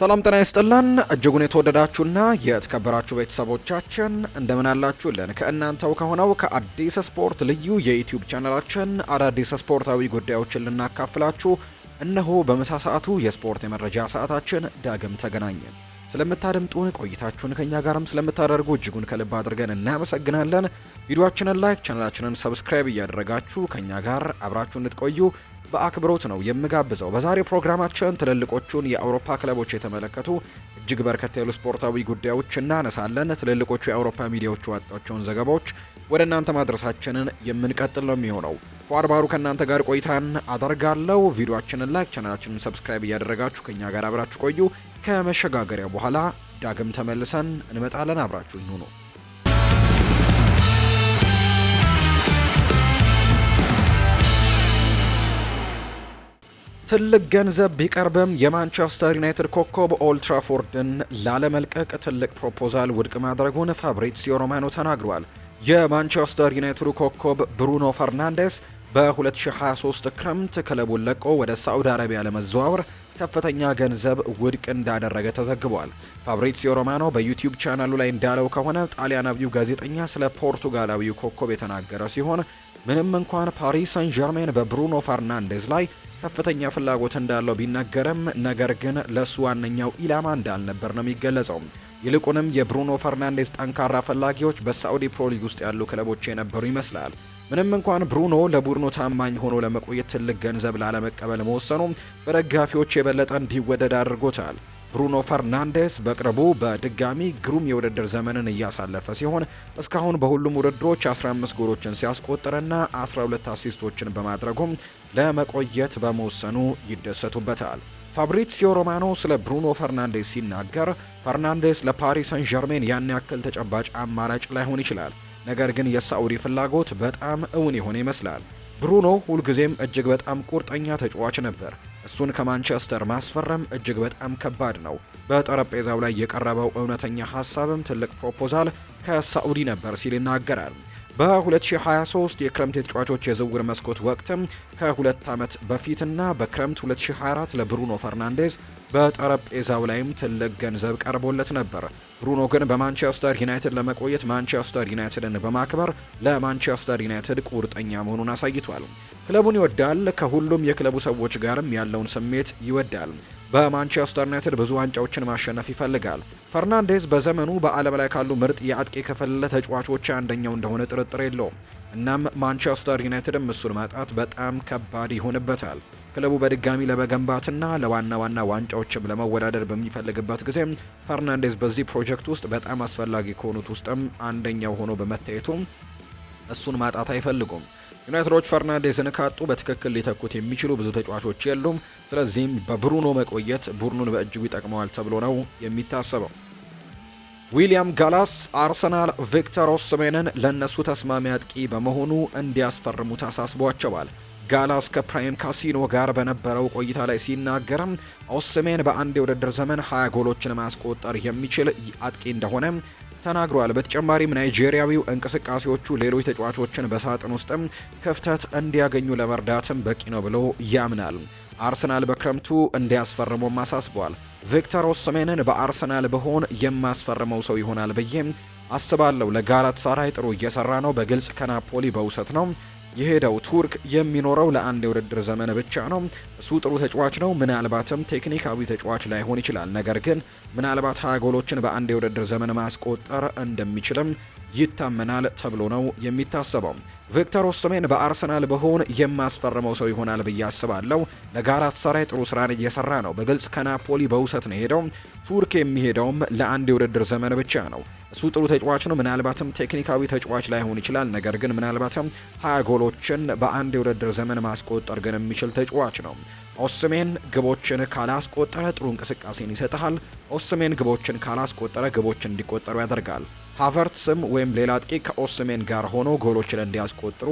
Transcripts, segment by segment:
ሰላም ጤና ይስጥልን እጅጉን የተወደዳችሁና የተከበራችሁ ቤተሰቦቻችን እንደምን አላችሁልን? ከእናንተው ከሆነው ከአዲስ ስፖርት ልዩ የዩቲዩብ ቻናላችን አዳዲስ ስፖርታዊ ጉዳዮችን ልናካፍላችሁ እነሆ በምሳ ሰዓቱ የስፖርት የመረጃ ሰዓታችን ዳግም ተገናኘን። ስለምታደምጡን ቆይታችሁን ከኛ ጋርም ስለምታደርጉ እጅጉን ከልብ አድርገን እናመሰግናለን። ቪዲዮአችንን ላይክ፣ ቻናላችንን ሰብስክራይብ እያደረጋችሁ ከኛ ጋር አብራችሁ እንድትቆዩ በአክብሮት ነው የምጋብዘው። በዛሬው ፕሮግራማችን ትልልቆቹን የአውሮፓ ክለቦች የተመለከቱ እጅግ በርከት ያሉ ስፖርታዊ ጉዳዮች እናነሳለን። ትልልቆቹ የአውሮፓ ሚዲያዎቹ ያወጧቸውን ዘገባዎች ወደ እናንተ ማድረሳችንን የምንቀጥል ነው የሚሆነው። ፏር ከእናንተ ጋር ቆይታን አደርጋለሁ። ቪዲዮችንን ላይክ፣ ቻናላችንን ሰብስክራይብ እያደረጋችሁ ከእኛ ጋር አብራችሁ ቆዩ። ከመሸጋገሪያ በኋላ ዳግም ተመልሰን እንመጣለን። አብራችሁ ይሁኑ። ትልቅ ገንዘብ ቢቀርብም የማንቸስተር ዩናይትድ ኮከብ ኦልትራፎርድን ላለመልቀቅ ትልቅ ፕሮፖዛል ውድቅ ማድረጉን ፋብሪዚዮ ሮማኖ ተናግሯል። የማንቸስተር ዩናይትዱ ኮከብ ብሩኖ ፈርናንዴስ በ2023 ክረምት ክለቡን ለቆ ወደ ሳዑዲ አረቢያ ለመዘዋወር ከፍተኛ ገንዘብ ውድቅ እንዳደረገ ተዘግቧል። ፋብሪዚዮ ሮማኖ በዩቲዩብ ቻናሉ ላይ እንዳለው ከሆነ ጣሊያናዊው ጋዜጠኛ ስለ ፖርቱጋላዊው ኮከብ የተናገረ ሲሆን ምንም እንኳን ፓሪስ ሰን ጀርሜን በብሩኖ ፈርናንዴዝ ላይ ከፍተኛ ፍላጎት እንዳለው ቢነገርም ነገር ግን ለሱ ዋነኛው ኢላማ እንዳልነበር ነው የሚገለጸው። ይልቁንም የብሩኖ ፈርናንዴስ ጠንካራ ፈላጊዎች በሳዑዲ ፕሮሊግ ውስጥ ያሉ ክለቦች የነበሩ ይመስላል። ምንም እንኳን ብሩኖ ለቡድኑ ታማኝ ሆኖ ለመቆየት ትልቅ ገንዘብ ላለመቀበል መወሰኑ በደጋፊዎች የበለጠ እንዲወደድ አድርጎታል። ብሩኖ ፈርናንዴስ በቅርቡ በድጋሚ ግሩም የውድድር ዘመንን እያሳለፈ ሲሆን እስካሁን በሁሉም ውድድሮች 15 ጎሎችን ሲያስቆጥርና 12 አሲስቶችን በማድረጉም ለመቆየት በመወሰኑ ይደሰቱበታል። ፋብሪሲዮ ሮማኖ ስለ ብሩኖ ፈርናንዴስ ሲናገር ፈርናንዴስ ለፓሪስ ሰን ዠርሜን ያን ያክል ተጨባጭ አማራጭ ላይሆን ይችላል፣ ነገር ግን የሳዑዲ ፍላጎት በጣም እውን የሆነ ይመስላል። ብሩኖ ሁልጊዜም እጅግ በጣም ቁርጠኛ ተጫዋች ነበር። እሱን ከማንቸስተር ማስፈረም እጅግ በጣም ከባድ ነው። በጠረጴዛው ላይ የቀረበው እውነተኛ ሀሳብም ትልቅ ፕሮፖዛል ከሳዑዲ ነበር ሲል ይናገራል። በ2023 የክረምት የተጫዋቾች የዝውውር መስኮት ወቅትም ከሁለት ዓመት በፊትና በክረምት 2024 ለብሩኖ ፈርናንዴዝ በጠረጴዛው ላይም ትልቅ ገንዘብ ቀርቦለት ነበር። ብሩኖ ግን በማንቸስተር ዩናይትድ ለመቆየት ማንቸስተር ዩናይትድን በማክበር ለማንቸስተር ዩናይትድ ቁርጠኛ መሆኑን አሳይቷል። ክለቡን ይወዳል። ከሁሉም የክለቡ ሰዎች ጋርም ያለውን ስሜት ይወዳል። በማንቸስተር ዩናይትድ ብዙ ዋንጫዎችን ማሸነፍ ይፈልጋል። ፈርናንዴዝ በዘመኑ በዓለም ላይ ካሉ ምርጥ የአጥቂ ክፍል ተጫዋቾች አንደኛው እንደሆነ ጥርጥር የለውም። እናም ማንቸስተር ዩናይትድም እሱን ማጣት በጣም ከባድ ይሆንበታል። ክለቡ በድጋሚ ለመገንባትና ለዋና ዋና ዋንጫዎችም ለመወዳደር በሚፈልግበት ጊዜ ፈርናንዴዝ በዚህ ፕሮጀክት ውስጥ በጣም አስፈላጊ ከሆኑት ውስጥም አንደኛው ሆኖ በመታየቱ እሱን ማጣት አይፈልጉም። ዩናይትዶች ፈርናንዴዝን ካጡ በትክክል ሊተኩት የሚችሉ ብዙ ተጫዋቾች የሉም። ስለዚህም በብሩኖ መቆየት ቡድኑን በእጅጉ ይጠቅመዋል ተብሎ ነው የሚታሰበው። ዊሊያም ጋላስ አርሰናል ቪክተር ኦስሜንን ለእነሱ ተስማሚ አጥቂ በመሆኑ እንዲያስፈርሙ አሳስቧቸዋል። ጋላስ ከፕራይም ካሲኖ ጋር በነበረው ቆይታ ላይ ሲናገርም ኦስሜን በአንድ የውድድር ዘመን ሀያ ጎሎችን ማስቆጠር የሚችል አጥቂ እንደሆነ ተናግሯል። በተጨማሪም ናይጄሪያዊው እንቅስቃሴዎቹ ሌሎች ተጫዋቾችን በሳጥን ውስጥም ክፍተት እንዲያገኙ ለመርዳትም በቂ ነው ብሎ ያምናል። አርሰናል በክረምቱ እንዲያስፈርመውም አሳስቧል። ቪክተር ኦስሜንን በአርሰናል ብሆን የማስፈርመው ሰው ይሆናል ብዬ አስባለሁ። ለጋላት ሳራይ ጥሩ እየሰራ ነው። በግልጽ ከናፖሊ በውሰት ነው የሄደው ቱርክ የሚኖረው ለአንድ የውድድር ዘመን ብቻ ነው። እሱ ጥሩ ተጫዋች ነው። ምናልባትም ቴክኒካዊ ተጫዋች ላይሆን ይችላል፣ ነገር ግን ምናልባት ሀያ ጎሎችን በአንድ የውድድር ዘመን ማስቆጠር እንደሚችልም ይታመናል ተብሎ ነው የሚታሰበው። ቪክተር ኦስሜን በአርሰናል በሆን የማስፈርመው ሰው ይሆናል ብዬ አስባለሁ። ሰራይ ጥሩ ስራን እየሰራ ነው። በግልጽ ከናፖሊ በውሰት ነው የሄደው። ቱርክ የሚሄደውም ለአንድ የውድድር ዘመን ብቻ ነው። እሱ ጥሩ ተጫዋች ነው። ምናልባትም ቴክኒካዊ ተጫዋች ላይሆን ይችላል። ነገር ግን ምናልባትም ሀያ ጎሎችን በአንድ የውድድር ዘመን ማስቆጠር ግን የሚችል ተጫዋች ነው። ኦስሜን ግቦችን ካላስቆጠረ ጥሩ እንቅስቃሴን ይሰጥሃል። ኦስሜን ግቦችን ካላስቆጠረ ግቦች እንዲቆጠሩ ያደርጋል። ሃቨርትስም ወይም ሌላ አጥቂ ከኦስሜን ጋር ሆኖ ጎሎችን እንዲያስቆጥሩ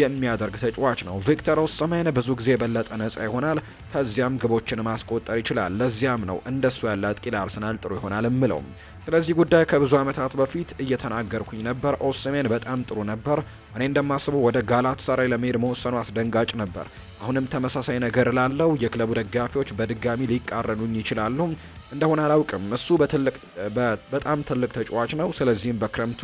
የሚያደርግ ተጫዋች ነው። ቪክተር ኦስሜን ብዙ ጊዜ የበለጠ ነጻ ይሆናል፣ ከዚያም ግቦችን ማስቆጠር ይችላል። ለዚያም ነው እንደሱ ያለ አጥቂ ለአርሰናል ጥሩ ይሆናል እምለው። ስለዚህ ጉዳይ ከብዙ ዓመታት በፊት እየተናገርኩኝ ነበር። ኦስሜን በጣም ጥሩ ነበር። እኔ እንደማስበው ወደ ጋላት ለመሄድ መወሰኑ አስደንጋጭ ነበር። አሁንም ተመሳሳይ ነገር ላለው የክለቡ ደጋፊዎች በድጋሚ ሊቃረኑኝ ይችላሉ። እንደሆነ አላውቅም። እሱ በጣም ትልቅ ተጫዋች ነው። ስለዚህም በክረምቱ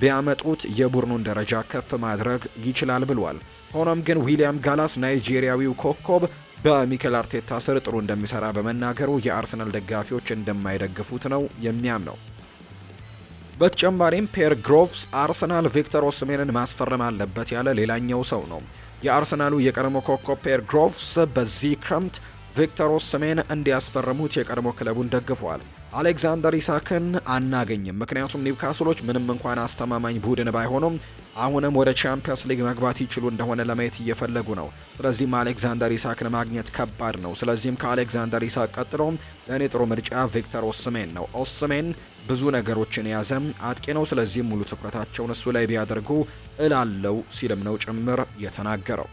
ቢያመጡት የቡድኑን ደረጃ ከፍ ማድረግ ይችላል ብሏል። ሆኖም ግን ዊሊያም ጋላስ ናይጄሪያዊው ኮከብ በሚኬል አርቴታ ስር ጥሩ እንደሚሰራ በመናገሩ የአርሰናል ደጋፊዎች እንደማይደግፉት ነው የሚያምነው። በተጨማሪም ፔር ግሮቭስ አርሰናል ቪክተር ኦስሜንን ማስፈረም አለበት ያለ ሌላኛው ሰው ነው። የአርሰናሉ የቀድሞ ኮከብ ፔር ግሮቭስ በዚህ ክረምት ቪክተር ኦስሜን እንዲያስፈርሙት የቀድሞ ክለቡን ደግፏል። አሌክዛንደር ኢሳክን አናገኝም፣ ምክንያቱም ኒውካስሎች ምንም እንኳን አስተማማኝ ቡድን ባይሆኑም አሁንም ወደ ቻምፒየንስ ሊግ መግባት ይችሉ እንደሆነ ለማየት እየፈለጉ ነው። ስለዚህም አሌክዛንደር ኢሳክን ማግኘት ከባድ ነው። ስለዚህም ከአሌክዛንደር ኢሳክ ቀጥሎ ለእኔ ጥሩ ምርጫ ቪክተር ኦስሜን ነው። ኦስሜን ብዙ ነገሮችን የያዘ አጥቂ ነው። ስለዚህም ሙሉ ትኩረታቸውን እሱ ላይ ቢያደርጉ እላለው ሲልም ነው ጭምር የተናገረው።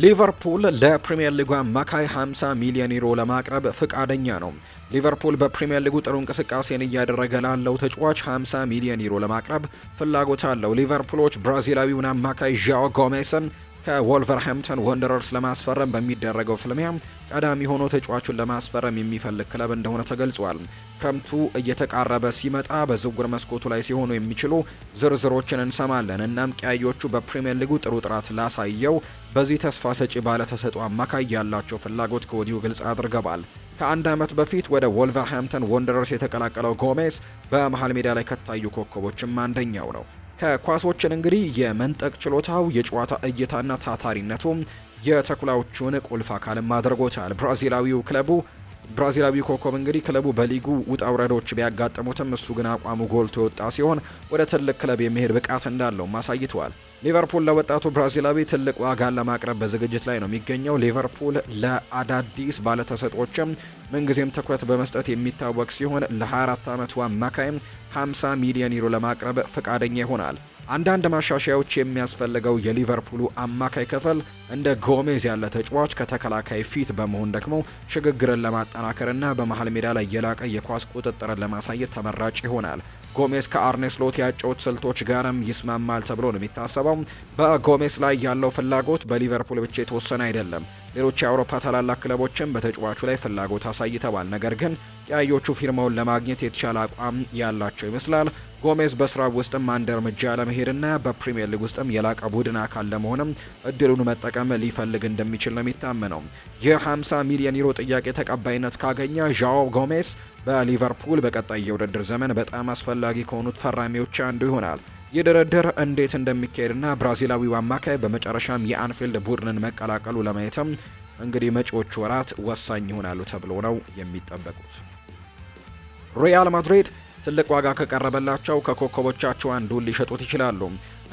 ሊቨርፑል ለፕሪምየር ሊጉ አማካይ 50 ሚሊዮን ዩሮ ለማቅረብ ፍቃደኛ ነው። ሊቨርፑል በፕሪምየር ሊጉ ጥሩ እንቅስቃሴን እያደረገ ላለው ተጫዋች 50 ሚሊዮን ዩሮ ለማቅረብ ፍላጎት አለው። ሊቨርፑሎች ብራዚላዊውን አማካይ ዣኦ ጎሜስን ከወልቨርሃምፕተን ወንደረርስ ለማስፈረም በሚደረገው ፍልሚያ ቀዳሚ ሆኖ ተጫዋቹን ለማስፈረም የሚፈልግ ክለብ እንደሆነ ተገልጿል። ክረምቱ እየተቃረበ ሲመጣ በዝውውር መስኮቱ ላይ ሲሆኑ የሚችሉ ዝርዝሮችን እንሰማለን። እናም ቀያዮቹ በፕሪምየር ሊጉ ጥሩ ጥራት ላሳየው በዚህ ተስፋ ሰጪ ባለተሰጥኦ አማካይ ያላቸው ፍላጎት ከወዲሁ ግልጽ አድርገዋል። ከአንድ ዓመት በፊት ወደ ወልቨርሃምፕተን ወንደረርስ የተቀላቀለው ጎሜዝ በመሃል ሜዳ ላይ ከታዩ ኮከቦችም አንደኛው ነው። ከኳሶችን እንግዲህ የመንጠቅ ችሎታው የጨዋታ እይታና ታታሪነቱ የተኩላዎቹን ቁልፍ አካልም አድርጎታል። ብራዚላዊው ክለቡ ብራዚላዊ ኮከብ እንግዲህ ክለቡ በሊጉ ውጣ ውረዶች ቢያጋጥሙትም እሱ ግን አቋሙ ጎልቶ የወጣ ሲሆን ወደ ትልቅ ክለብ የመሄድ ብቃት እንዳለው አሳይተዋል። ሊቨርፑል ለወጣቱ ብራዚላዊ ትልቅ ዋጋን ለማቅረብ በዝግጅት ላይ ነው የሚገኘው። ሊቨርፑል ለአዳዲስ ባለተሰጦችም ምንጊዜም ትኩረት በመስጠት የሚታወቅ ሲሆን ለ24 ዓመቱ አማካይም 50 ሚሊዮን ዩሮ ለማቅረብ ፈቃደኛ ይሆናል። አንዳንድ ማሻሻያዎች የሚያስፈልገው የሊቨርፑሉ አማካይ ክፍል እንደ ጎሜዝ ያለ ተጫዋች ከተከላካይ ፊት በመሆን ደግሞ ሽግግርን ለማጠናከርና በመሀል ሜዳ ላይ የላቀ የኳስ ቁጥጥርን ለማሳየት ተመራጭ ይሆናል። ጎሜዝ ከአርኔስ ሎት ያጨዋወት ስልቶች ጋርም ይስማማል ተብሎ ነው የሚታሰበው። በጎሜዝ ላይ ያለው ፍላጎት በሊቨርፑል ብቻ የተወሰነ አይደለም። ሌሎች የአውሮፓ ታላላቅ ክለቦችም በተጫዋቹ ላይ ፍላጎት አሳይተዋል። ነገር ግን ቀያዮቹ ፊርማውን ለማግኘት የተሻለ አቋም ያላቸው ይመስላል። ጎሜዝ በስራው ውስጥም አንድ እርምጃ ለመሄድና በፕሪምየር ሊግ ውስጥም የላቀ ቡድን አካል ለመሆንም እድሉን መጠቀም ሊፈልግ እንደሚችል ነው የሚታመነው። የ50 ሚሊዮን ዩሮ ጥያቄ ተቀባይነት ካገኘ ዣኦ ጎሜዝ በሊቨርፑል በቀጣይ የውድድር ዘመን በጣም አስፈላጊ ከሆኑት ፈራሚዎች አንዱ ይሆናል። ይህ ድርድር እንዴት እንደሚካሄድና ብራዚላዊው አማካይ በመጨረሻም የአንፊልድ ቡድንን መቀላቀሉ ለማየትም እንግዲህ መጪዎቹ ወራት ወሳኝ ይሆናሉ ተብሎ ነው የሚጠበቁት። ሪያል ማድሪድ ትልቅ ዋጋ ከቀረበላቸው ከኮከቦቻቸው አንዱን ሊሸጡት ይችላሉ።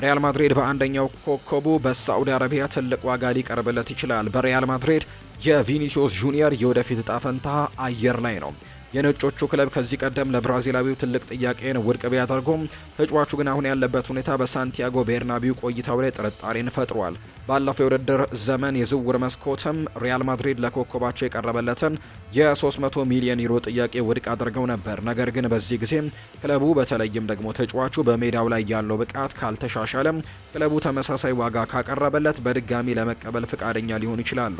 ሪያል ማድሪድ በአንደኛው ኮከቡ በሳዑዲ አረቢያ ትልቅ ዋጋ ሊቀርብለት ይችላል። በሪያል ማድሪድ የቪኒሲዮስ ጁኒየር የወደፊት እጣ ፈንታ አየር ላይ ነው። የነጮቹ ክለብ ከዚህ ቀደም ለብራዚላዊው ትልቅ ጥያቄን ውድቅ ቢያደርጉም ተጫዋቹ ግን አሁን ያለበት ሁኔታ በሳንቲያጎ ቤርናቢው ቆይታው ላይ ጥርጣሬን ፈጥሯል። ባለፈው የውድድር ዘመን የዝውውር መስኮትም ሪያል ማድሪድ ለኮከባቸው የቀረበለትን የ300 ሚሊዮን ዩሮ ጥያቄ ውድቅ አድርገው ነበር። ነገር ግን በዚህ ጊዜ ክለቡ በተለይም ደግሞ ተጫዋቹ በሜዳው ላይ ያለው ብቃት ካልተሻሻለም ክለቡ ተመሳሳይ ዋጋ ካቀረበለት በድጋሚ ለመቀበል ፍቃደኛ ሊሆኑ ይችላሉ።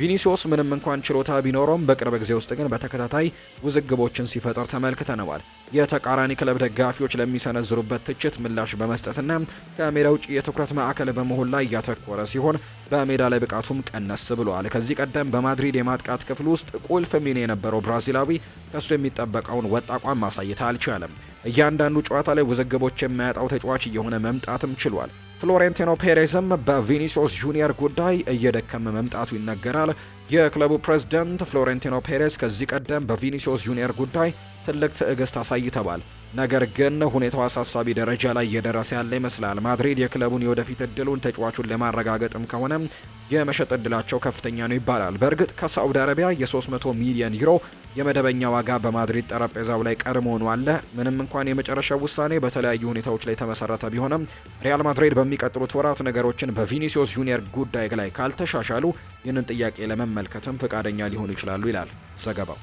ቪኒሲዮስ ምንም እንኳን ችሎታ ቢኖረውም በቅርብ ጊዜ ውስጥ ግን በተከታታይ ውዝግቦችን ሲፈጥር ተመልክተነዋል። የተቃራኒ ክለብ ደጋፊዎች ለሚሰነዝሩበት ትችት ምላሽ በመስጠትና ከሜዳ ውጭ የትኩረት ማዕከል በመሆን ላይ እያተኮረ ሲሆን በሜዳ ላይ ብቃቱም ቀነስ ብሏል። ከዚህ ቀደም በማድሪድ የማጥቃት ክፍል ውስጥ ቁልፍ ሚና የነበረው ብራዚላዊ ከሱ የሚጠበቀውን ወጥ አቋም ማሳየት አልቻለም። እያንዳንዱ ጨዋታ ላይ ውዝግቦች የማያጣው ተጫዋች እየሆነ መምጣትም ችሏል። ፍሎሬንቲኖ ፔሬዝም በቪኒሲዮስ ጁኒየር ጉዳይ እየደከመ መምጣቱ ይነገራል። የክለቡ ፕሬዝዳንት ፍሎሬንቲኖ ፔሬስ ከዚህ ቀደም በቪኒሲዮስ ጁኒየር ጉዳይ ትልቅ ትዕግስት አሳይተዋል፣ ነገር ግን ሁኔታው አሳሳቢ ደረጃ ላይ እየደረሰ ያለ ይመስላል። ማድሪድ የክለቡን የወደፊት እድሉን ተጫዋቹን ለማረጋገጥም ከሆነ የመሸጥ እድላቸው ከፍተኛ ነው ይባላል። በእርግጥ ከሳዑዲ አረቢያ የ300 ሚሊዮን ዩሮ የመደበኛ ዋጋ በማድሪድ ጠረጴዛው ላይ ሆኖ አለ። ምንም እንኳን የመጨረሻው ውሳኔ በተለያዩ ሁኔታዎች ላይ የተመሰረተ ቢሆንም ሪያል ማድሪድ በሚቀጥሉት ወራት ነገሮችን በቪኒሲዮስ ጁኒየር ጉዳይ ላይ ካልተሻሻሉ ይህንን ጥያቄ ለመመልከትም ፈቃደኛ ሊሆኑ ይችላሉ ይላል ዘገባው።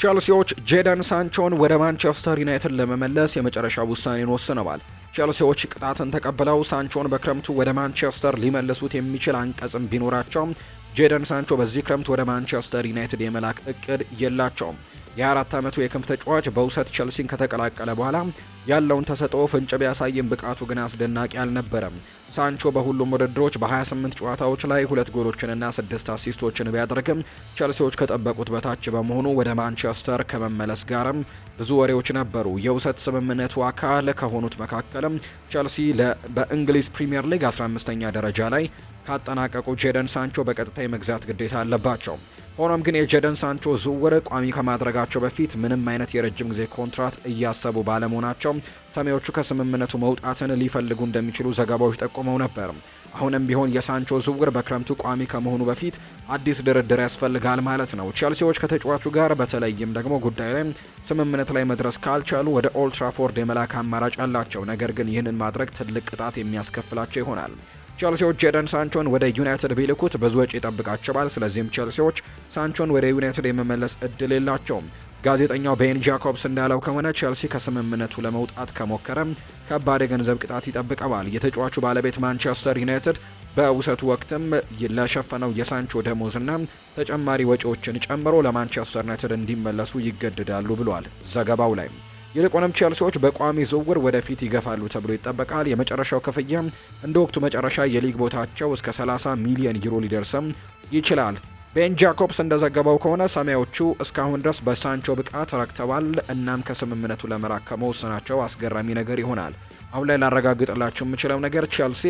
ቼልሲዎች ጄደን ሳንቾን ወደ ማንቸስተር ዩናይትድ ለመመለስ የመጨረሻ ውሳኔን ወስነዋል። ቼልሲዎች ቅጣትን ተቀብለው ሳንቾን በክረምቱ ወደ ማንቸስተር ሊመልሱት የሚችል አንቀጽም ቢኖራቸውም ጄደን ሳንቾ በዚህ ክረምት ወደ ማንቸስተር ዩናይትድ የመላክ እቅድ የላቸውም። የአራት ዓመቱ የክንፍ ተጫዋች በውሰት ቸልሲን ከተቀላቀለ በኋላ ያለውን ተሰጥኦ ፍንጭ ቢያሳይም ብቃቱ ግን አስደናቂ አልነበረም። ሳንቾ በሁሉም ውድድሮች በ28 ጨዋታዎች ላይ ሁለት ጎሎችንና ስድስት አሲስቶችን ቢያደርግም ቸልሲዎች ከጠበቁት በታች በመሆኑ ወደ ማንቸስተር ከመመለስ ጋርም ብዙ ወሬዎች ነበሩ። የውሰት ስምምነቱ አካል ከሆኑት መካከልም ቸልሲ በእንግሊዝ ፕሪምየር ሊግ 15ኛ ደረጃ ላይ ካጠናቀቁ ጄደን ሳንቾ በቀጥታ የመግዛት ግዴታ አለባቸው። ሆኖም ግን የጀደን ሳንቾ ዝውውር ቋሚ ከማድረጋቸው በፊት ምንም አይነት የረጅም ጊዜ ኮንትራት እያሰቡ ባለመሆናቸው ሰሜዎቹ ከስምምነቱ መውጣትን ሊፈልጉ እንደሚችሉ ዘገባዎች ጠቁመው ነበር። አሁንም ቢሆን የሳንቾ ዝውውር በክረምቱ ቋሚ ከመሆኑ በፊት አዲስ ድርድር ያስፈልጋል ማለት ነው። ቼልሲዎች ከተጫዋቹ ጋር በተለይም ደግሞ ጉዳይ ላይ ስምምነት ላይ መድረስ ካልቻሉ ወደ ኦልትራፎርድ የመላክ አማራጭ አላቸው። ነገር ግን ይህንን ማድረግ ትልቅ ቅጣት የሚያስከፍላቸው ይሆናል። ቸልሲዎች ጄደን ሳንቾን ወደ ዩናይትድ ቢልኩት ብዙ ወጪ ይጠብቃቸዋል። ስለዚህም ቸልሲዎች ሳንቾን ወደ ዩናይትድ የመመለስ እድል የላቸውም። ጋዜጠኛው ቤን ጃኮብስ እንዳለው ከሆነ ቸልሲ ከስምምነቱ ለመውጣት ከሞከረ ከባድ የገንዘብ ቅጣት ይጠብቀዋል። የተጫዋቹ ባለቤት ማንቸስተር ዩናይትድ በውሰቱ ወቅትም ለሸፈነው የሳንቾ ደሞዝና ተጨማሪ ወጪዎችን ጨምሮ ለማንቸስተር ዩናይትድ እንዲመለሱ ይገድዳሉ ብሏል ዘገባው ላይ። ይልቁንም ቼልሲዎች በቋሚ ዝውውር ወደፊት ይገፋሉ ተብሎ ይጠበቃል። የመጨረሻው ክፍያ እንደ ወቅቱ መጨረሻ የሊግ ቦታቸው እስከ 30 ሚሊዮን ዩሮ ሊደርስም ይችላል። ቤን ጃኮብስ እንደዘገበው ከሆነ ሰማያዎቹ እስካሁን ድረስ በሳንቾ ብቃት ረክተዋል። እናም ከስምምነቱ ለመራቅ ከመወሰናቸው አስገራሚ ነገር ይሆናል። አሁን ላይ ላረጋግጥላችሁ የምችለው ነገር ቼልሲ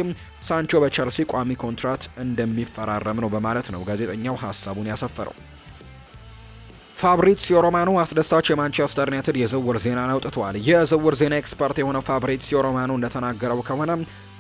ሳንቾ በቼልሲ ቋሚ ኮንትራት እንደሚፈራረም ነው በማለት ነው ጋዜጠኛው ሀሳቡን ያሰፈረው። ፋብሪዚዮ ሮማኖ አስደሳች የማንቸስተር ዩናይትድ የዝውውር ዜናን አውጥቷል። የዝውውር ዜና ኤክስፐርት የሆነው ፋብሪዚዮ ሮማኖ እንደተናገረው ከሆነ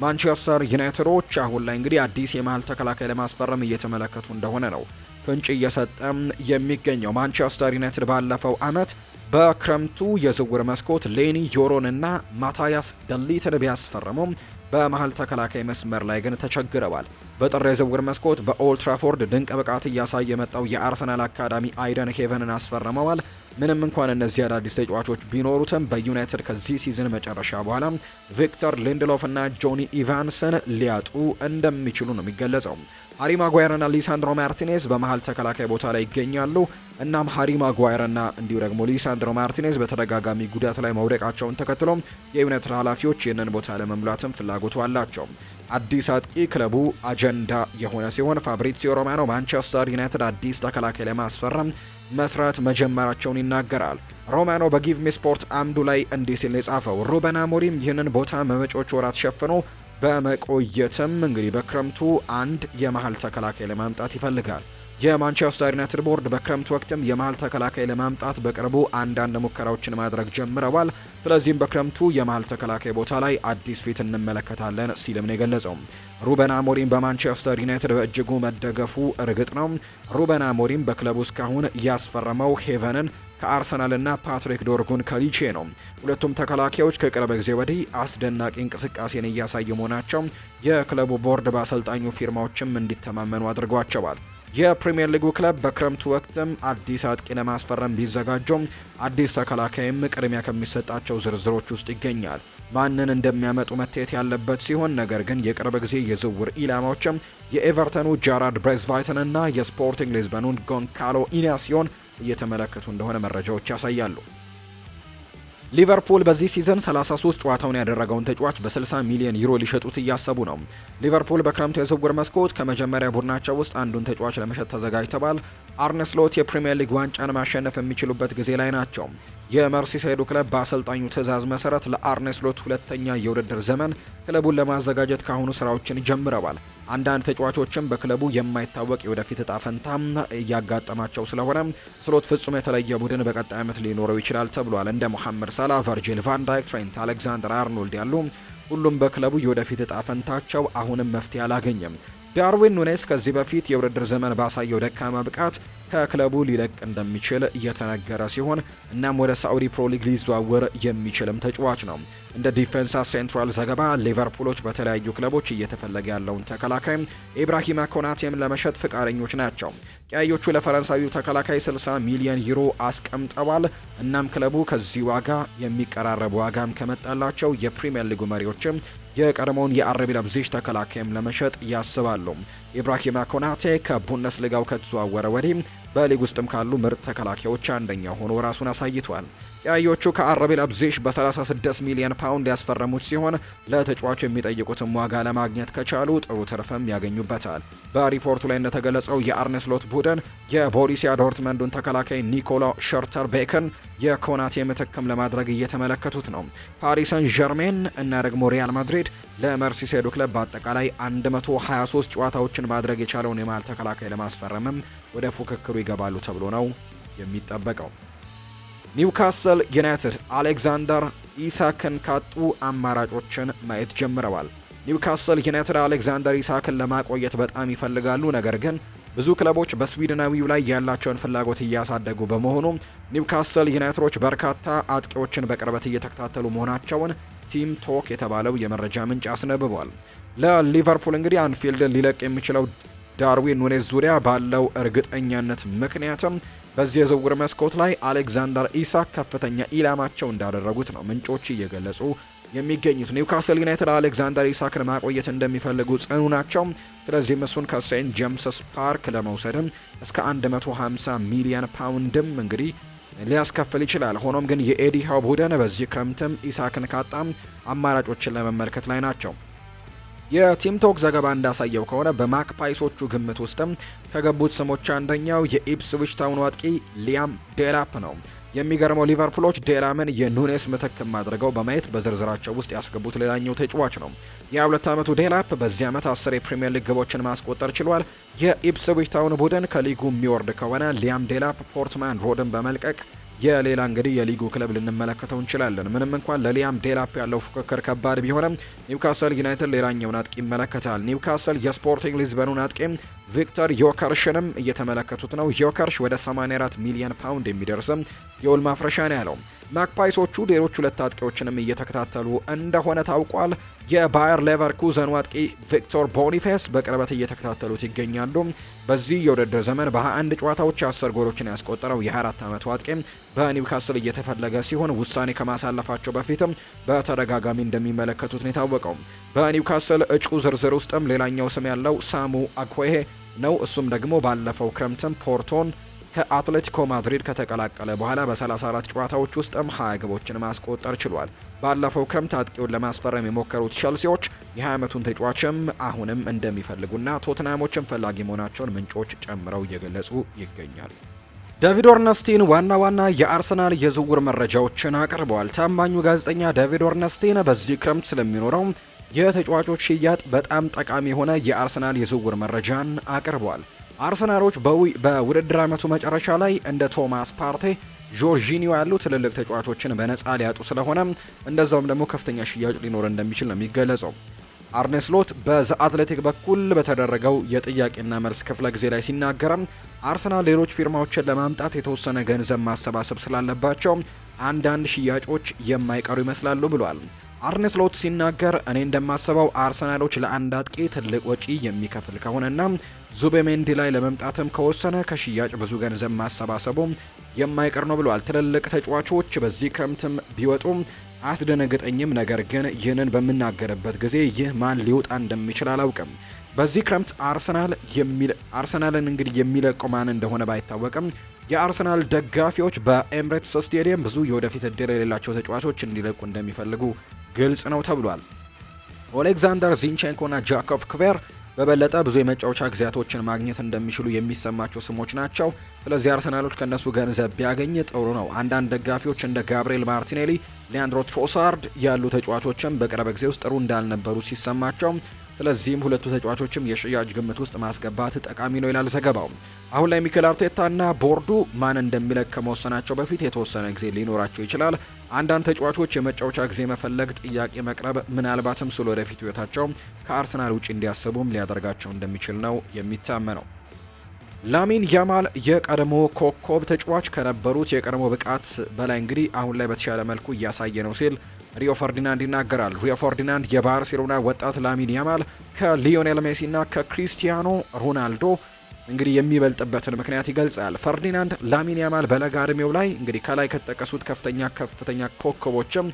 ማንቸስተር ዩናይትዶች አሁን ላይ እንግዲህ አዲስ የመሀል ተከላካይ ለማስፈረም እየተመለከቱ እንደሆነ ነው ፍንጭ እየሰጠም የሚገኘው። ማንቸስተር ዩናይትድ ባለፈው አመት በክረምቱ የዝውውር መስኮት ሌኒ ዮሮን እና ማታያስ ደሊትን ቢያስፈረሙም በመሀል ተከላካይ መስመር ላይ ግን ተቸግረዋል። በጥር የዝውውር መስኮት በኦልትራፎርድ ድንቅ ብቃት እያሳየ የመጣው የአርሰናል አካዳሚ አይደን ሄቨንን አስፈርመዋል። ምንም እንኳን እነዚህ አዳዲስ ተጫዋቾች ቢኖሩትም በዩናይትድ ከዚህ ሲዝን መጨረሻ በኋላ ቪክተር ሊንድሎፍ እና ጆኒ ኢቫንስን ሊያጡ እንደሚችሉ ነው የሚገለጸው። ሃሪ ማጓየርና ሊሳንድሮ ማርቲኔዝ በመሀል ተከላካይ ቦታ ላይ ይገኛሉ። እናም ሃሪ ማጓየርና እንዲሁ ደግሞ ሊሳንድሮ ማርቲኔዝ በተደጋጋሚ ጉዳት ላይ መውደቃቸውን ተከትሎ የዩናይትድ ኃላፊዎች ይህንን ቦታ ለመሙላትም ፍላጎቱ አላቸው። አዲስ አጥቂ ክለቡ አጀንዳ የሆነ ሲሆን ፋብሪዚዮ ሮማኖ ማንቸስተር ዩናይትድ አዲስ ተከላካይ ለማስፈረም መስራት መጀመራቸውን ይናገራል። ሮማኖ በጊቭ ሚ ስፖርት አምዱ ላይ እንዲህ ሲል የጻፈው ሩበን አሞሪም ይህንን ቦታ መመጮች ወራት ሸፍኖ በመቆየትም እንግዲህ በክረምቱ አንድ የመሀል ተከላካይ ለማምጣት ይፈልጋል። የማንቸስተር ዩናይትድ ቦርድ በክረምት ወቅትም የመሀል ተከላካይ ለማምጣት በቅርቡ አንዳንድ ሙከራዎችን ማድረግ ጀምረዋል። ስለዚህም በክረምቱ የመሀል ተከላካይ ቦታ ላይ አዲስ ፊት እንመለከታለን ሲልም ነው የገለጸው። ሩበን አሞሪም በማንቸስተር ዩናይትድ በእጅጉ መደገፉ እርግጥ ነው። ሩበን አሞሪም በክለቡ እስካሁን ያስፈረመው ሄቨንን ከአርሰናልና ፓትሪክ ዶርጉን ከሊቼ ነው። ሁለቱም ተከላካዮች ከቅርብ ጊዜ ወዲህ አስደናቂ እንቅስቃሴን እያሳዩ መሆናቸው የክለቡ ቦርድ በአሰልጣኙ ፊርማዎችም እንዲተማመኑ አድርጓቸዋል። የፕሪምየር ሊጉ ክለብ በክረምቱ ወቅትም አዲስ አጥቂ ለማስፈረም ቢዘጋጀውም አዲስ ተከላካይም ቅድሚያ ከሚሰጣቸው ዝርዝሮች ውስጥ ይገኛል። ማንን እንደሚያመጡ መታየት ያለበት ሲሆን ነገር ግን የቅርብ ጊዜ የዝውውር ኢላማዎችም የኤቨርተኑ ጃራርድ ብሬዝቫይተን እና የስፖርቲንግ ሊዝበኑን ጎንካሎ ኢናሲዮን እየተመለከቱ እንደሆነ መረጃዎች ያሳያሉ። ሊቨርፑል በዚህ ሲዝን 33 ጨዋታውን ያደረገውን ተጫዋች በ60 ሚሊዮን ዩሮ ሊሸጡት እያሰቡ ነው። ሊቨርፑል በክረምቱ የዝውውር መስኮት ከመጀመሪያ ቡድናቸው ውስጥ አንዱን ተጫዋች ለመሸጥ ተዘጋጅተዋል። አርነስሎት ስሎት የፕሪምየር ሊግ ዋንጫን ማሸነፍ የሚችሉበት ጊዜ ላይ ናቸው። የመርሲሳይዱ ክለብ በአሰልጣኙ ትዕዛዝ መሰረት ለአርኔ ስሎት ሁለተኛ የውድድር ዘመን ክለቡን ለማዘጋጀት ካሁኑ ስራዎችን ጀምረዋል። አንዳንድ ተጫዋቾችም በክለቡ የማይታወቅ የወደፊት እጣ ፈንታ እያጋጠማቸው ስለሆነ ስሎት ፍጹም የተለየ ቡድን በቀጣይ ዓመት ሊኖረው ይችላል ተብሏል። እንደ ሞሐመድ ሳላ፣ ቨርጂል ቫንዳይክ፣ ትሬንት አሌክዛንደር አርኖልድ ያሉ ሁሉም በክለቡ የወደፊት እጣ ፈንታቸው አሁንም መፍትሄ አላገኘም። ዳርዊን ኑኔስ ከዚህ በፊት የውድድር ዘመን ባሳየው ደካማ ብቃት ከክለቡ ሊለቅ እንደሚችል እየተነገረ ሲሆን እናም ወደ ሳዑዲ ፕሮ ሊግ ሊዘዋወር የሚችልም ተጫዋች ነው። እንደ ዲፌንሳ ሴንትራል ዘገባ ሊቨርፑሎች በተለያዩ ክለቦች እየተፈለገ ያለውን ተከላካይ ኢብራሂማ ኮናቴም ለመሸጥ ፈቃደኞች ናቸው። ቀያዮቹ ለፈረንሳዊው ተከላካይ 60 ሚሊዮን ዩሮ አስቀምጠዋል። እናም ክለቡ ከዚህ ዋጋ የሚቀራረብ ዋጋም ከመጣላቸው የፕሪምየር ሊጉ መሪዎችም የቀድሞውን የአርቢ ለብዚሽ ተከላካይም ለመሸጥ ያስባሉ። ኢብራሂማ ኮናቴ ሊጋው ከተዘዋወረ ወዲህ በሊግ ውስጥም ካሉ ምርጥ ተከላካዮች አንደኛው ሆኖ ራሱን አሳይቷል። ቀያዮቹ ከአርቢ ለብዜሽ በ36 ሚሊዮን ፓውንድ ያስፈረሙት ሲሆን ለተጫዋቹ የሚጠይቁትን ዋጋ ለማግኘት ከቻሉ ጥሩ ትርፍም ያገኙበታል። በሪፖርቱ ላይ እንደተገለጸው የአርኔ ስሎት ቡድን የቦሪሲያ ዶርትመንዱን ተከላካይ ኒኮላ ሸርተር ቤክን የኮናቴ ምትክም ለማድረግ እየተመለከቱት ነው። ፓሪስ ሰን እና ደግሞ ሪያል ማድሪድ ለመርሲሴዶ ክለብ በአጠቃላይ 123 ጨዋታዎችን ማድረግ የቻለውን የመሃል ተከላካይ ለማስፈረምም ወደ ፉክክሩ ይገባሉ ተብሎ ነው የሚጠበቀው። ኒውካስል ዩናይትድ አሌክዛንደር ኢሳክን ካጡ አማራጮችን ማየት ጀምረዋል። ኒውካስል ዩናይትድ አሌክዛንደር ኢሳክን ለማቆየት በጣም ይፈልጋሉ፣ ነገር ግን ብዙ ክለቦች በስዊድናዊው ላይ ያላቸውን ፍላጎት እያሳደጉ በመሆኑ ኒውካስል ዩናይትዶች በርካታ አጥቂዎችን በቅርበት እየተከታተሉ መሆናቸውን ቲም ቶክ የተባለው የመረጃ ምንጭ አስነብቧል። ለሊቨርፑል እንግዲህ አንፊልድን ሊለቅ የሚችለው ዳርዊን ኑኔዝ ዙሪያ ባለው እርግጠኛነት ምክንያትም በዚህ የዝውውር መስኮት ላይ አሌክዛንደር ኢሳክ ከፍተኛ ኢላማቸው እንዳደረጉት ነው ምንጮች እየገለጹ የሚገኙት። ኒውካስል ዩናይትድ አሌክዛንደር ኢሳክን ማቆየት እንደሚፈልጉ ጽኑ ናቸው። ስለዚህ እሱን ከሴንት ጄምስስ ፓርክ ለመውሰድም እስከ 150 ሚሊዮን ፓውንድም እንግዲህ ሊያስከፍል ይችላል። ሆኖም ግን የኤዲ ሃው ቡድን በዚህ ክረምትም ኢሳክን ካጣም አማራጮችን ለመመልከት ላይ ናቸው። የቲምቶክ ዘገባ እንዳሳየው ከሆነ በማክፓይሶቹ ግምት ውስጥም ከገቡት ስሞች አንደኛው የኢፕስዊች ታውን አጥቂ ሊያም ዴላፕ ነው። የሚገርመው ሊቨርፑሎች ዴላምን የኑኔስ ምትክም አድርገው በማየት በዝርዝራቸው ውስጥ ያስገቡት ሌላኛው ተጫዋች ነው። የ የሁለት ዓመቱ ዴላፕ በዚህ ዓመት አስር የፕሪምየር ሊግ ግቦችን ማስቆጠር ችሏል። የኢፕስዊች ታውን ቡድን ከሊጉ የሚወርድ ከሆነ ሊያም ዴላፕ ፖርትማን ሮድን በመልቀቅ የሌላ እንግዲህ የሊጉ ክለብ ልንመለከተው እንችላለን። ምንም እንኳን ለሊያም ዴላፕ ያለው ፉክክር ከባድ ቢሆንም ኒውካስል ዩናይትድ ሌላኛውን አጥቂ ይመለከታል። ኒውካስል የስፖርቲንግ ሊዝበኑን አጥቂም ቪክተር ዮከርሽንም እየተመለከቱት ነው። ዮከርሽ ወደ 84 ሚሊዮን ፓውንድ የሚደርስም የውል ማፍረሻ ነው ያለው። ማክፓይሶቹ ሌሎች ሁለት አጥቂዎችንም እየተከታተሉ እንደሆነ ታውቋል። የባየር ሌቨርኩዘኑ አጥቂ ቪክቶር ቦኒፌስ በቅርበት እየተከታተሉት ይገኛሉ። በዚህ የውድድር ዘመን በ21 ጨዋታዎች አስር ጎሎችን ያስቆጠረው የ24 ዓመቱ አጥቂ በኒውካስል እየተፈለገ ሲሆን ውሳኔ ከማሳለፋቸው በፊትም በተደጋጋሚ እንደሚመለከቱት ነው የታወቀው። በኒውካስል እጩ ዝርዝር ውስጥም ሌላኛው ስም ያለው ሳሙ አኩሄ ነው። እሱም ደግሞ ባለፈው ክረምትም ፖርቶን ከአትሌቲኮ ማድሪድ ከተቀላቀለ በኋላ በ34 ጨዋታዎች ውስጥም 20 ግቦችን ማስቆጠር ችሏል። ባለፈው ክረምት አጥቂውን ለማስፈረም የሞከሩት ቸልሲዎች የ20 ዓመቱን ተጫዋችም አሁንም እንደሚፈልጉና ቶትናሞችን ፈላጊ መሆናቸውን ምንጮች ጨምረው እየገለጹ ይገኛሉ። ዳቪድ ኦርነስቲን ዋና ዋና የአርሰናል የዝውውር መረጃዎችን አቅርበዋል። ታማኙ ጋዜጠኛ ዳቪድ ኦርነስቲን በዚህ ክረምት ስለሚኖረው የተጫዋቾች ሽያጭ በጣም ጠቃሚ የሆነ የአርሰናል የዝውውር መረጃን አቅርበዋል። አርሰናሎች በውድድር ዓመቱ መጨረሻ ላይ እንደ ቶማስ ፓርቴ ጆርጂኒዮ ያሉ ትልልቅ ተጫዋቾችን በነፃ ሊያጡ ስለሆነ እንደዛውም ደግሞ ከፍተኛ ሽያጭ ሊኖር እንደሚችል ነው የሚገለጸው። አርኔስሎት በዘ አትሌቲክ በኩል በተደረገው የጥያቄና መልስ ክፍለ ጊዜ ላይ ሲናገረም አርሰናል ሌሎች ፊርማዎችን ለማምጣት የተወሰነ ገንዘብ ማሰባሰብ ስላለባቸው አንዳንድ ሽያጮች የማይቀሩ ይመስላሉ ብሏል። አርነ ስሎት ሲናገር እኔ እንደማስበው አርሰናሎች ለአንድ አጥቂ ትልቅ ወጪ የሚከፍል ከሆነና ዙቤሜንዲ ላይ ለመምጣትም ከወሰነ ከሽያጭ ብዙ ገንዘብ ማሰባሰቡ የማይቀር ነው ብሏል። ትልልቅ ተጫዋቾች በዚህ ክረምትም ቢወጡም አስደነግጠኝም ነገር ግን ይህንን በምናገርበት ጊዜ ይህ ማን ሊወጣ እንደሚችል አላውቅም። በዚህ ክረምት አርሰናል አርሰናልን እንግዲህ የሚለቀው ማን እንደሆነ ባይታወቅም የአርሰናል ደጋፊዎች በኤምሬትስ ስቴዲየም ብዙ የወደፊት እድል የሌላቸው ተጫዋቾች እንዲለቁ እንደሚፈልጉ ግልጽ ነው ተብሏል። ኦሌግዛንደር ዚንቼንኮና ጃኮቭ ክቬር በበለጠ ብዙ የመጫወቻ ጊዜያቶችን ማግኘት እንደሚችሉ የሚሰማቸው ስሞች ናቸው። ስለዚህ አርሰናሎች ከእነሱ ገንዘብ ቢያገኝ ጥሩ ነው። አንዳንድ ደጋፊዎች እንደ ጋብሪኤል ማርቲኔሊ፣ ሊያንድሮ ትሮሳርድ ያሉ ተጫዋቾችም በቅርብ ጊዜ ውስጥ ጥሩ እንዳልነበሩ ሲሰማቸው ስለዚህም ሁለቱ ተጫዋቾችም የሽያጭ ግምት ውስጥ ማስገባት ጠቃሚ ነው ይላል ዘገባው። አሁን ላይ ሚኬል አርቴታና ቦርዱ ማን እንደሚለቅ ከመወሰናቸው በፊት የተወሰነ ጊዜ ሊኖራቸው ይችላል። አንዳንድ ተጫዋቾች የመጫወቻ ጊዜ መፈለግ ጥያቄ መቅረብ ምናልባትም ስለ ወደፊት ሕይወታቸው ከአርሰናል ውጭ እንዲያስቡም ሊያደርጋቸው እንደሚችል ነው የሚታመነው። ላሚን ያማል የቀድሞ ኮከብ ተጫዋች ከነበሩት የቀድሞ ብቃት በላይ እንግዲህ አሁን ላይ በተሻለ መልኩ እያሳየ ነው ሲል ሪዮ ፈርዲናንድ ይናገራል። ሪዮ ፈርዲናንድ የባርሴሎና ወጣት ላሚን ያማል ከሊዮኔል ሜሲና ከክሪስቲያኖ ሮናልዶ እንግዲህ የሚበልጥበትን ምክንያት ይገልጻል። ፈርዲናንድ ላሚን ያማል በለጋ እድሜው ላይ እንግዲህ ከላይ ከተጠቀሱት ከፍተኛ ከፍተኛ ኮከቦችም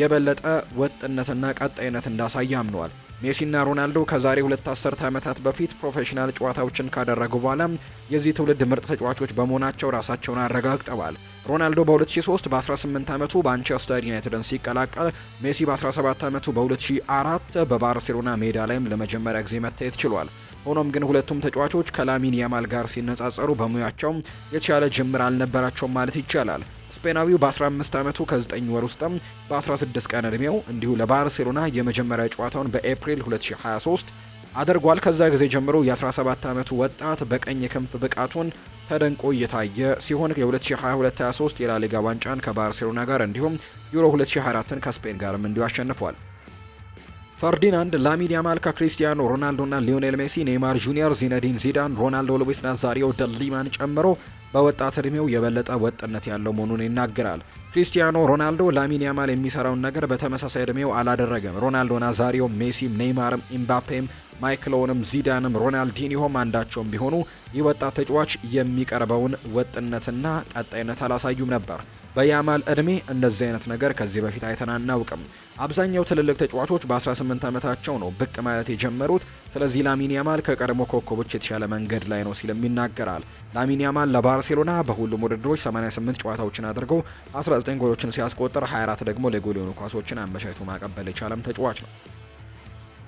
የበለጠ ወጥነትና ቀጣይነት እንዳሳየ አምኗል። ሜሲና ሮናልዶ ከዛሬ ሁለት አስርተ ዓመታት በፊት ፕሮፌሽናል ጨዋታዎችን ካደረጉ በኋላ የዚህ ትውልድ ምርጥ ተጫዋቾች በመሆናቸው ራሳቸውን አረጋግጠዋል። ሮናልዶ በ2003 በ18 ዓመቱ ማንቸስተር ዩናይትድን ሲቀላቀል ሜሲ በ17 ዓመቱ በ2004 በባርሴሎና ሜዳ ላይም ለመጀመሪያ ጊዜ መታየት ችሏል። ሆኖም ግን ሁለቱም ተጫዋቾች ከላሚን ያማል ጋር ሲነጻጸሩ በሙያቸው የተሻለ ጅምር አልነበራቸውም ማለት ይቻላል። ስፔናዊው በ15 ዓመቱ ከ9 ወር ውስጥም በ16 ቀን ዕድሜው እንዲሁ ለባርሴሎና የመጀመሪያ ጨዋታውን በኤፕሪል 2023 አድርጓል። ከዛ ጊዜ ጀምሮ የ17 ዓመቱ ወጣት በቀኝ ክንፍ ብቃቱን ተደንቆ እየታየ ሲሆን የ2022-23 የላሊጋ ዋንጫን ከባርሴሎና ጋር እንዲሁም ዩሮ 2024ን ከስፔን ጋርም እንዲሁ አሸንፏል። ፈርዲናንድ፣ ላሚን ያማል ከክሪስቲያኖ ሮናልዶና ሊዮኔል ሜሲ፣ ኔይማር ጁኒየር፣ ዚነዲን ዚዳን፣ ሮናልዶ ሉዊስ ናዛሪዮ ደሊማን ጨምሮ በወጣት እድሜው የበለጠ ወጥነት ያለው መሆኑን ይናገራል። ክሪስቲያኖ ሮናልዶ ላሚን ያማል የሚሰራውን ነገር በተመሳሳይ እድሜው አላደረገም። ሮናልዶ ናዛሪዮ፣ ሜሲም፣ ኔይማርም፣ ኢምባፔም ማይክሎንም ዚዳንም ሮናልዲኒሆም አንዳቸውም ቢሆኑ ይህ ወጣት ተጫዋች የሚቀርበውን ወጥነትና ቀጣይነት አላሳዩም ነበር። በያማል እድሜ እንደዚህ አይነት ነገር ከዚህ በፊት አይተን አናውቅም። አብዛኛው ትልልቅ ተጫዋቾች በ18 ዓመታቸው ነው ብቅ ማለት የጀመሩት። ስለዚህ ላሚን ያማል ከቀድሞ ኮከቦች የተሻለ መንገድ ላይ ነው ሲልም ይናገራል። ላሚን ያማል ለባርሴሎና በሁሉም ውድድሮች 88 ጨዋታዎችን አድርጎ 19 ጎሎችን ሲያስቆጥር 24 ደግሞ ለጎል የሆኑ ኳሶችን አመቻችቶ ማቀበል የቻለም ተጫዋች ነው።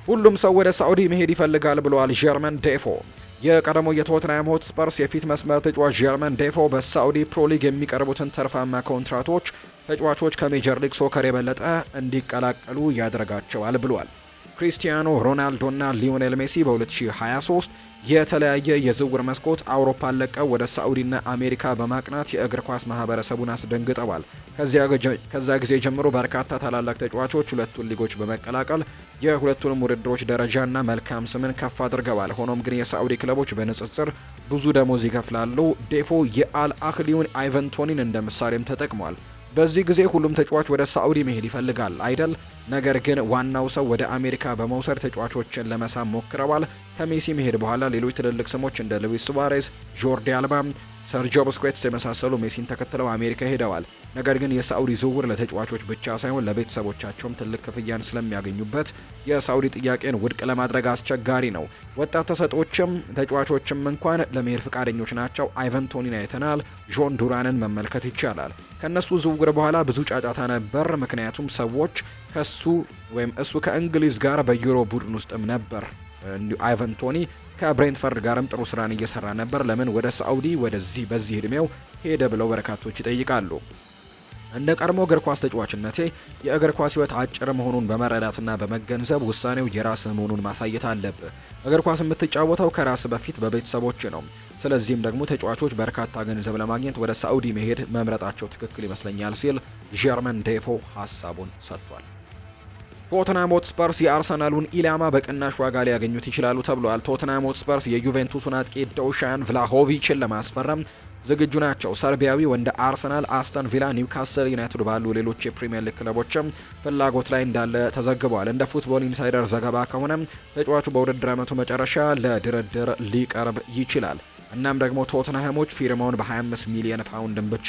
ሁሉም ሰው ወደ ሳዑዲ መሄድ ይፈልጋል ብለዋል ጀርመን ዴፎ። የቀደሞ የቶትናም ሆትስፐርስ የፊት መስመር ተጫዋች ጀርመን ዴፎ በሳዑዲ ፕሮሊግ የሚቀርቡትን ተርፋማ ኮንትራቶች ተጫዋቾች ከሜጀር ሊግ ሶከር የበለጠ እንዲቀላቀሉ ያደርጋቸዋል ብሏል። ክሪስቲያኖ ሮናልዶ እና ሊዮኔል ሜሲ በ2023 የተለያየ የዝውውር መስኮት አውሮፓን ለቀው ወደ ሳዑዲና አሜሪካ በማቅናት የእግር ኳስ ማህበረሰቡን አስደንግጠዋል። ከዚያ ጊዜ ጀምሮ በርካታ ታላላቅ ተጫዋቾች ሁለቱን ሊጎች በመቀላቀል የሁለቱንም ውድድሮች ደረጃና መልካም ስምን ከፍ አድርገዋል። ሆኖም ግን የሳዑዲ ክለቦች በንጽጽር ብዙ ደሞዝ ይከፍላሉ። ዴፎ የአልአህሊውን አይቨንቶኒን እንደ ምሳሌም ተጠቅሟል። በዚህ ጊዜ ሁሉም ተጫዋች ወደ ሳዑዲ መሄድ ይፈልጋል አይደል? ነገር ግን ዋናው ሰው ወደ አሜሪካ በመውሰድ ተጫዋቾችን ለመሳብ ሞክረዋል። ከሜሲ መሄድ በኋላ ሌሎች ትልልቅ ስሞች እንደ ሉዊስ ሱዋሬዝ፣ ጆርዲ አልባ፣ ሰርጆ ብስኩዌትስ የመሳሰሉ ሜሲን ተከትለው አሜሪካ ሄደዋል። ነገር ግን የሳውዲ ዝውውር ለተጫዋቾች ብቻ ሳይሆን ለቤተሰቦቻቸውም ትልቅ ክፍያን ስለሚያገኙበት የሳውዲ ጥያቄን ውድቅ ለማድረግ አስቸጋሪ ነው። ወጣት ተሰጦችም ተጫዋቾችም እንኳን ለመሄድ ፈቃደኞች ናቸው። አይቨን ቶኒን አይተናል። ዦን ዱራንን መመልከት ይቻላል። ከእነሱ ዝውውር በኋላ ብዙ ጫጫታ ነበር፣ ምክንያቱም ሰዎች ከሱ ወይም እሱ ከእንግሊዝ ጋር በዩሮ ቡድን ውስጥም ነበር። አይቨን ቶኒ ከብሬንትፈርድ ጋርም ጥሩ ስራን እየሰራ ነበር። ለምን ወደ ሳውዲ ወደዚህ በዚህ እድሜው ሄደ ብለው በርካቶች ይጠይቃሉ። እንደ ቀድሞ እግር ኳስ ተጫዋችነቴ የእግር ኳስ ህይወት አጭር መሆኑን በመረዳትና በመገንዘብ ውሳኔው የራስ መሆኑን ማሳየት አለብህ። እግር ኳስ የምትጫወተው ከራስ በፊት በቤተሰቦች ነው። ስለዚህም ደግሞ ተጫዋቾች በርካታ ገንዘብ ለማግኘት ወደ ሳዑዲ መሄድ መምረጣቸው ትክክል ይመስለኛል ሲል ጀርመን ዴፎ ሀሳቡን ሰጥቷል። ቶትናም ሆትስፐርስ የአርሰናሉን ኢላማ በቅናሽ ዋጋ ሊያገኙት ይችላሉ ተብሏል። ቶትናም ሆትስፐርስ የዩቬንቱስን አጥቂ ዶሻን ቭላሆቪችን ለማስፈረም ዝግጁ ናቸው። ሰርቢያዊው እንደ አርሰናል፣ አስተን ቪላ፣ ኒውካስል ዩናይትድ ባሉ ሌሎች የፕሪምየር ሊግ ክለቦችም ፍላጎት ላይ እንዳለ ተዘግቧል። እንደ ፉትቦል ኢንሳይደር ዘገባ ከሆነ ተጫዋቹ በውድድር ዓመቱ መጨረሻ ለድርድር ሊቀርብ ይችላል። እናም ደግሞ ቶትናሃሞች ፊርማውን በ25 ሚሊዮን ፓውንድን ብቻ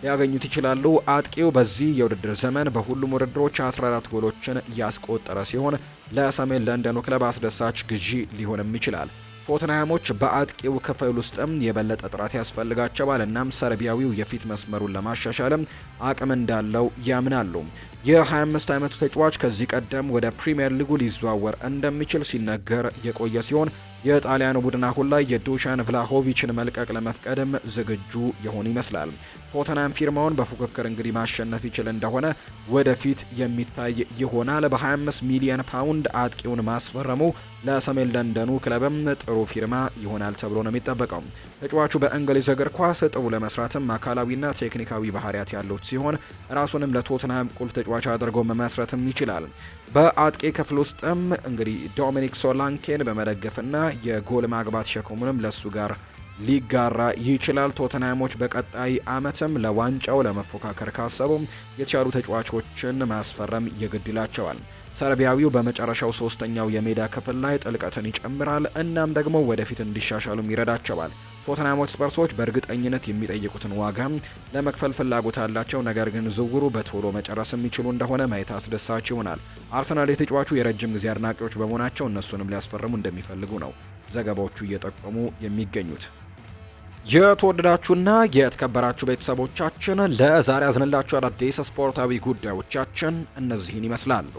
ሊያገኙት ይችላሉ። አጥቂው በዚህ የውድድር ዘመን በሁሉም ውድድሮች 14 ጎሎችን ያስቆጠረ ሲሆን ለሰሜን ለንደኑ ክለብ አስደሳች ግዢ ሊሆንም ይችላል። ቶትንሃሞች በአጥቂው ክፍል ውስጥም የበለጠ ጥራት ያስፈልጋቸዋል። እናም ሰርቢያዊው የፊት መስመሩን ለማሻሻልም አቅም እንዳለው ያምናሉ። የ25 ዓመቱ ተጫዋች ከዚህ ቀደም ወደ ፕሪምየር ሊጉ ሊዘዋወር እንደሚችል ሲነገር የቆየ ሲሆን የጣሊያን ቡድን አሁን ላይ የዱሻን ቭላሆቪችን መልቀቅ ለመፍቀድም ዝግጁ የሆኑ ይመስላል። ቶተናም ፊርማውን በፉክክር እንግዲህ ማሸነፍ ይችል እንደሆነ ወደፊት የሚታይ ይሆናል። በ25 ሚሊዮን ፓውንድ አጥቂውን ማስፈረሙ ለሰሜን ለንደኑ ክለብም ጥሩ ፊርማ ይሆናል ተብሎ ነው የሚጠበቀው። ተጫዋቹ በእንግሊዝ እግር ኳስ ጥሩ ለመስራትም አካላዊና ቴክኒካዊ ባህሪያት ያሉት ሲሆን ራሱንም ለቶትንሃም ቁልፍ ተጫዋች አድርጎ መመስረትም ይችላል። በአጥቂ ክፍል ውስጥም እንግዲህ ዶሚኒክ ሶላንኬን በመደገፍና የጎል ማግባት ሸክሙንም ለሱ ጋር ሊጋራ ይችላል። ቶተንሃሞች በቀጣይ አመትም ለዋንጫው ለመፎካከር ካሰቡ የተሻሉ ተጫዋቾችን ማስፈረም ይገድላቸዋል። ሰርቢያዊው በመጨረሻው ሶስተኛው የሜዳ ክፍል ላይ ጥልቀትን ይጨምራል፣ እናም ደግሞ ወደፊት እንዲሻሻሉም ይረዳቸዋል። ቶተንሃም ሆትስፐርሶች በእርግጠኝነት የሚጠይቁትን ዋጋ ለመክፈል ፍላጎት አላቸው፣ ነገር ግን ዝውውሩ በቶሎ መጨረስ የሚችሉ እንደሆነ ማየት አስደሳች ይሆናል። አርሰናል የተጫዋቹ የረጅም ጊዜ አድናቂዎች በመሆናቸው እነሱንም ሊያስፈርሙ እንደሚፈልጉ ነው ዘገባዎቹ እየጠቆሙ የሚገኙት። የተወደዳችሁና የተከበራችሁ ቤተሰቦቻችን ለዛሬ ያዝንላችሁ አዳዲስ ስፖርታዊ ጉዳዮቻችን እነዚህን ይመስላሉ።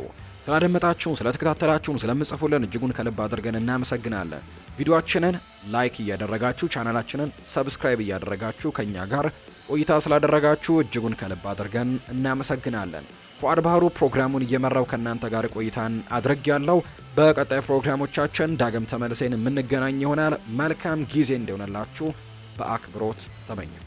ስላደመጣችሁን፣ ስለተከታተላችሁን፣ ስለምጽፉልን እጅጉን ከልብ አድርገን እናመሰግናለን። ቪዲዮአችንን ላይክ እያደረጋችሁ ቻናላችንን ሰብስክራይብ እያደረጋችሁ ከኛ ጋር ቆይታ ስላደረጋችሁ እጅጉን ከልብ አድርገን እናመሰግናለን። ፏድ ባህሩ ፕሮግራሙን እየመራው ከእናንተ ጋር ቆይታን አድረግ ያለው። በቀጣይ ፕሮግራሞቻችን ዳግም ተመልሰን የምንገናኝ ይሆናል። መልካም ጊዜ እንዲሆንላችሁ በአክብሮት ተመኘው።